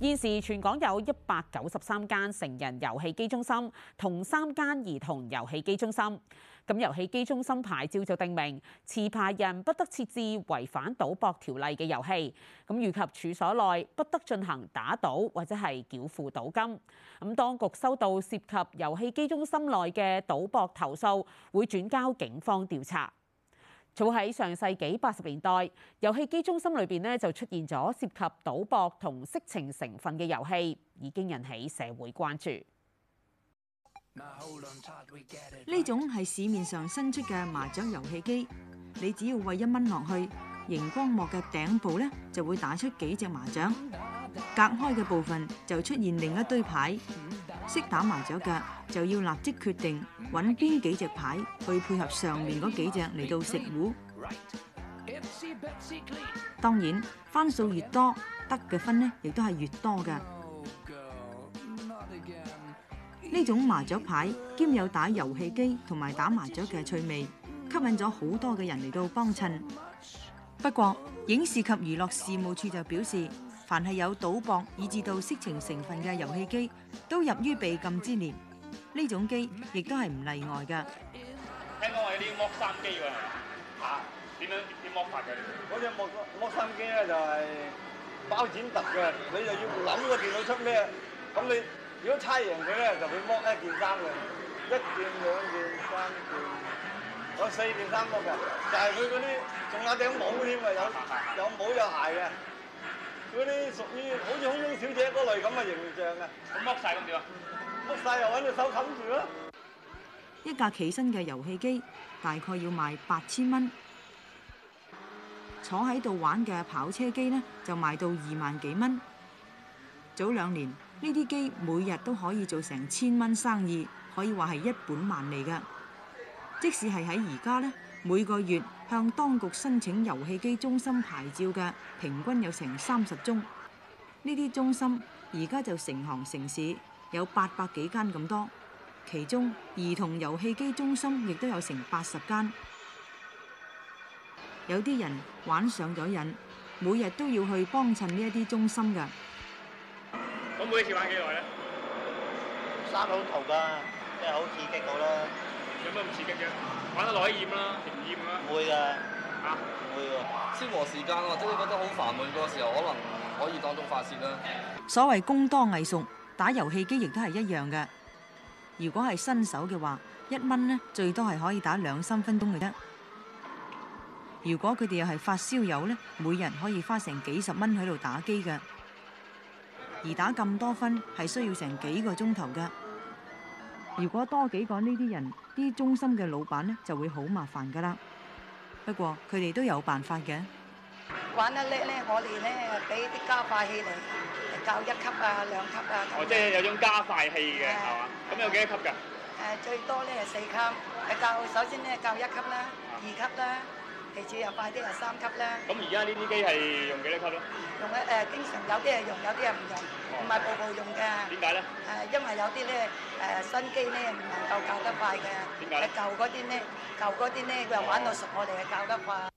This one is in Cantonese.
現時全港有一百九十三間成人遊戲機中心同三間兒童遊戲機中心。咁遊戲機中心牌照就定明，持牌人不得設置違反賭博條例嘅遊戲。咁以及處所內不得進行打賭或者係繳付賭金。咁當局收到涉及遊戲機中心內嘅賭博投訴，會轉交警方調查。早喺上世紀八十年代，遊戲機中心裏邊咧就出現咗涉及賭博同色情成分嘅遊戲，已經引起社會關注。呢種係市面上新出嘅麻雀遊戲機，你只要喂一蚊落去，熒光幕嘅頂部咧就會打出幾隻麻雀，隔開嘅部分就出現另一堆牌。識打麻雀架，就要立即決定揾邊幾隻牌去配合上面嗰幾隻嚟到食糊。當然番數越多，得嘅分呢亦都係越多嘅。呢種麻雀牌兼有打遊戲機同埋打麻雀嘅趣味，吸引咗好多嘅人嚟到幫襯。不過，影視及娛樂事務處就表示。凡係有賭博以至到色情成分嘅遊戲機，都入於被禁之列。呢種機亦都係唔例外嘅。聽講話有啲剝衫機喎，吓點樣點剝法嘅？嗰隻剝剝衫機咧就係包剪揼嘅，你就要諗個電腦出咩？咁你如果猜贏佢咧，就會剝一件衫嘅，一件兩件三件，我四件衫剝嘅，就係佢嗰啲仲有頂帽添啊，有有帽有鞋嘅。嗰啲屬於好似空中小姐嗰類咁嘅形象嘅，佢晒曬咁點啊？握曬又揾隻手冚住咯。一架企身嘅遊戲機大概要賣八千蚊，坐喺度玩嘅跑車機呢，就賣到二萬幾蚊。早兩年呢啲機每日都可以做成千蚊生意，可以話係一本萬利㗎。即使係喺而家呢。每個月向當局申請遊戲機中心牌照嘅平均有成三十宗，呢啲中心而家就成行成市，有八百幾間咁多，其中兒童遊戲機中心亦都有成八十間。有啲人玩上咗癮，每日都要去幫襯呢一啲中心嘅。我每次玩幾耐咧？三個頭㗎，即係好刺激到啦。有咩唔刺激嘅？玩得耐啲厭啦，唔厭啦。唔會啊，唔會啊。消磨時間，或者你覺得好煩悶嗰時候，可能可以當中發泄啦。所謂工多藝熟，打遊戲機亦都係一樣嘅。如果係新手嘅話，一蚊呢，最多係可以打兩三分鐘嘅啫。如果佢哋又係發燒友呢，每人可以花成幾十蚊喺度打機嘅，而打咁多分係需要成幾個鐘頭嘅。如果多幾個呢啲人，啲中心嘅老闆咧就會好麻煩噶啦，不過佢哋都有辦法嘅。玩得叻咧，我哋咧俾啲加快器嚟教一級啊、兩級啊。哦，即係有種加快器嘅，係嘛、啊？咁有幾多級噶？誒，最多咧係四級，教首先咧教一級啦，啊、二級啦。其次又快啲又三級啦。咁而家呢啲機係用幾多級咧？用一誒、呃，經常有啲係用，有啲係唔用，唔係部部用嘅。點解咧？誒、呃，因為有啲咧誒，新機咧，唔能夠教得快嘅；點解咧？舊嗰啲咧，舊嗰啲咧，佢又玩到熟我，我哋係教得快。